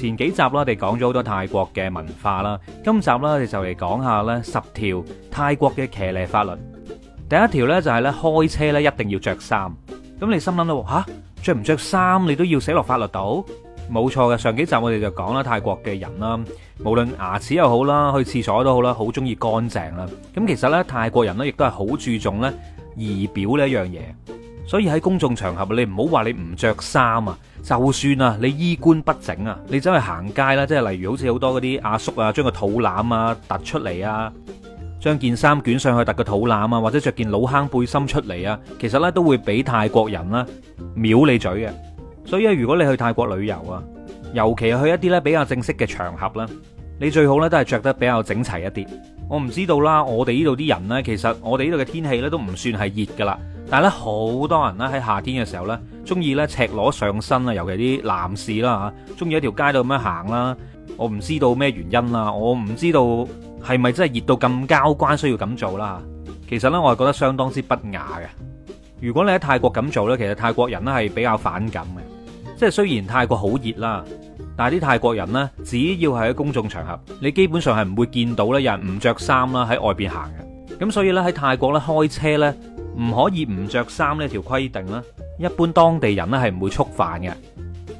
前幾集啦，我哋講咗好多泰國嘅文化啦。今集啦，我哋就嚟講下咧十條泰國嘅騎呢法律。第一條呢，就係咧開車咧一定要着衫。咁你心諗啦，嚇着唔着衫你都要寫落法律度？冇錯嘅。上幾集我哋就講啦，泰國嘅人啦，無論牙齒又好啦，去廁所都好啦，好中意乾淨啦。咁其實呢，泰國人呢亦都係好注重呢儀表呢一樣嘢。所以喺公眾場合，你唔好話你唔着衫啊！就算啊，你衣冠不整啊，你走去行街啦，即係例如好似好多嗰啲阿叔啊，將個肚腩啊突出嚟啊，將件衫捲上去突個肚腩啊，或者着件老坑背心出嚟啊，其實呢都會俾泰國人咧藐你嘴嘅。所以咧，如果你去泰國旅遊啊，尤其去一啲呢比較正式嘅場合啦，你最好呢都係着得比較整齊一啲。我唔知道啦，我哋呢度啲人呢，其實我哋呢度嘅天氣呢都唔算係熱噶啦。但咧，好多人咧喺夏天嘅時候呢，中意呢赤裸上身啊，尤其啲男士啦吓，中意一條街度咁樣行啦。我唔知道咩原因啦，我唔知道係咪真係熱到咁交關需要咁做啦。其實呢我係覺得相當之不雅嘅。如果你喺泰國咁做呢，其實泰國人係比較反感嘅。即係雖然泰國好熱啦，但係啲泰國人呢，只要係喺公眾場合，你基本上係唔會見到呢有人唔着衫啦喺外面行嘅。咁所以呢，喺泰國呢開車呢，唔可以唔着衫呢條規定啦，一般當地人咧係唔會觸犯嘅。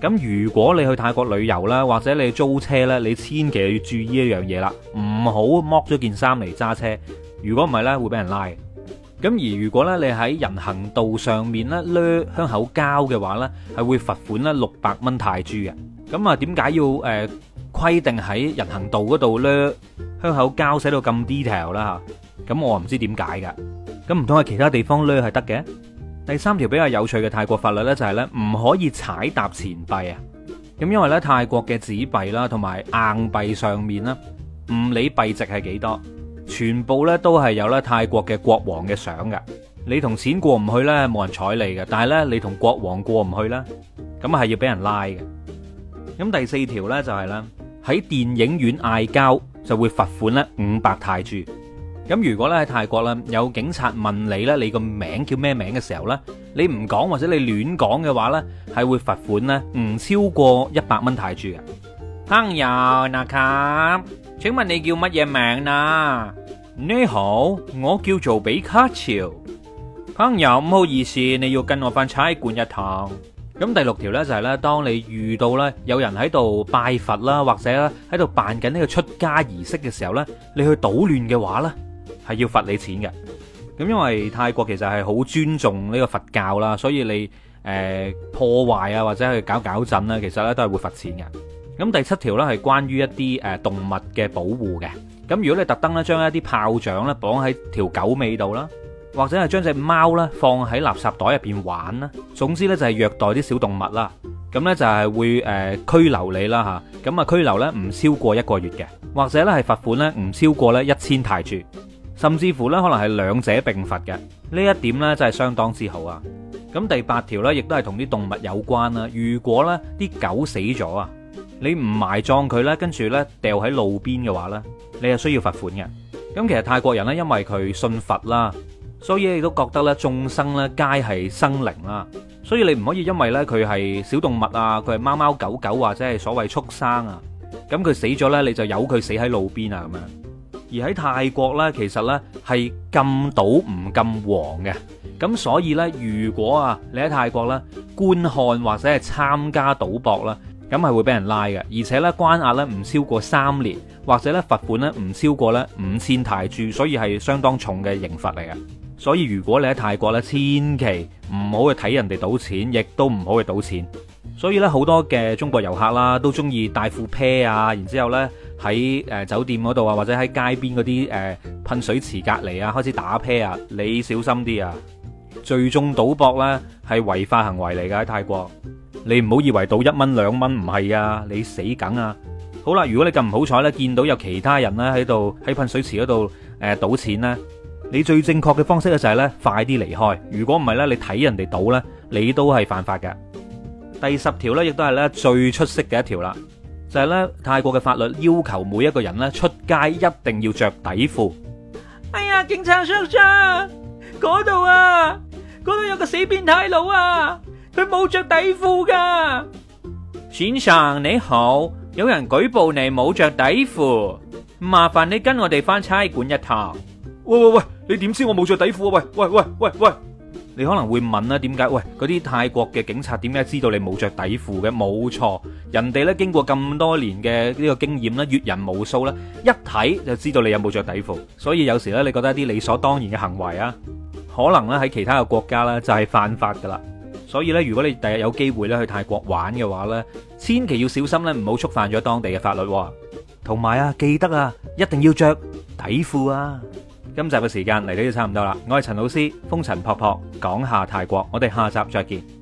咁如果你去泰國旅遊啦，或者你租車呢，你千祈要注意呢樣嘢啦，唔好剝咗件衫嚟揸車。如果唔係呢，會俾人拉。咁而如果呢，你喺人行道上面咧勒香口膠嘅話呢，係會罰款咧六百蚊泰銖嘅。咁啊，點解要誒規定喺人行道嗰度勒香口膠，寫到咁 detail 啦吓？咁我唔知點解噶。咁唔通喺其他地方掠係得嘅？第三條比較有趣嘅泰國法律呢，就係呢唔可以踩踏錢幣啊！咁因為呢泰國嘅紙幣啦同埋硬幣上面咧唔理幣值係幾多，全部呢都係有咧泰國嘅國王嘅相嘅。你同錢過唔去呢，冇人睬你嘅，但係你同國王過唔去呢，咁係要俾人拉嘅。咁第四條呢，就是，就係呢喺電影院嗌交就會罰款咧五百泰銖。咁如果咧喺泰國啦，有警察問你咧，你個名叫咩名嘅時候咧，你唔講或者你亂講嘅話咧，係會罰款咧，唔超過一百蚊泰銖嘅。朋友，那卡，請問你叫乜嘢名呀？你好，我叫做比卡潮。朋友，唔好意思，你要跟我翻差館一趟。咁第六條咧就係咧，當你遇到咧有人喺度拜佛啦，或者咧喺度辦緊呢個出家儀式嘅時候咧，你去搗亂嘅話咧。係要罰你錢嘅，咁因為泰國其實係好尊重呢個佛教啦，所以你誒破壞啊，或者去搞搞震啦，其實咧都係會罰錢嘅。咁第七條咧係關於一啲誒動物嘅保護嘅。咁如果你特登咧將一啲炮仗咧綁喺條狗尾度啦，或者係將隻貓咧放喺垃圾袋入邊玩啦，總之咧就係虐待啲小動物啦。咁咧就係會誒拘留你啦吓，咁啊拘留咧唔超過一個月嘅，或者咧係罰款咧唔超過咧一千泰銖。甚至乎咧，可能係兩者並罰嘅呢一點咧，真係相當之好啊！咁第八條咧，亦都係同啲動物有關啦。如果咧啲狗死咗啊，你唔埋葬佢咧，跟住咧掉喺路邊嘅話咧，你係需要罰款嘅。咁其實泰國人咧，因為佢信佛啦，所以你都覺得咧，眾生咧皆係生靈啦，所以你唔可以因為咧佢係小動物啊，佢係貓貓狗狗或者係所謂畜生啊，咁佢死咗咧，你就由佢死喺路邊啊咁樣。而喺泰國咧，其實咧係禁賭唔禁黃嘅，咁所以咧，如果啊你喺泰國咧觀看或者係參加賭博啦，咁係會俾人拉嘅，而且咧關押咧唔超過三年，或者咧罰款咧唔超過咧五千泰銖，所以係相當重嘅刑罰嚟嘅。所以如果你喺泰國咧，千祈唔好去睇人哋賭錢，亦都唔好去賭錢。所以咧，好多嘅中國遊客啦，都中意帶副啤啊，然之後咧喺酒店嗰度啊，或者喺街邊嗰啲噴水池隔離啊，開始打啤啊。你小心啲啊！聚眾賭博咧係違法行為嚟㗎。喺泰國，你唔好以為賭一蚊兩蚊唔係啊，你死梗啊！好啦，如果你咁唔好彩咧，見到有其他人咧喺度喺噴水池嗰度誒賭錢咧，你最正確嘅方式咧就係咧快啲離開。如果唔係咧，你睇人哋賭咧，你都係犯法嘅。第十條咧，亦都係咧最出色嘅一條啦，就係咧泰國嘅法律要求每一個人咧出街一定要着底褲。哎呀，警察叔叔，嗰度啊，嗰度有個死變態佬啊，佢冇着底褲噶。先生你好，有人舉報你冇着底褲，麻煩你跟我哋返差館一趟。喂喂喂，你點知我冇着底褲啊？喂喂喂喂喂！你可能會問啦，點解？喂，嗰啲泰國嘅警察點解知道你冇著底褲嘅？冇錯，人哋咧經過咁多年嘅呢個經驗咧，越人無數，閱人無數啦，一睇就知道你有冇著底褲。所以有時咧，你覺得一啲理所當然嘅行為啊，可能咧喺其他嘅國家咧就係犯法㗎喇。所以咧，如果你第日有機會咧去泰國玩嘅話咧，千祈要小心咧，唔好觸犯咗當地嘅法律。同埋啊，記得啊，一定要著底褲啊！今集嘅時間嚟到都差唔多啦，我係陳老師，風塵僕僕，講下泰國，我哋下集再見。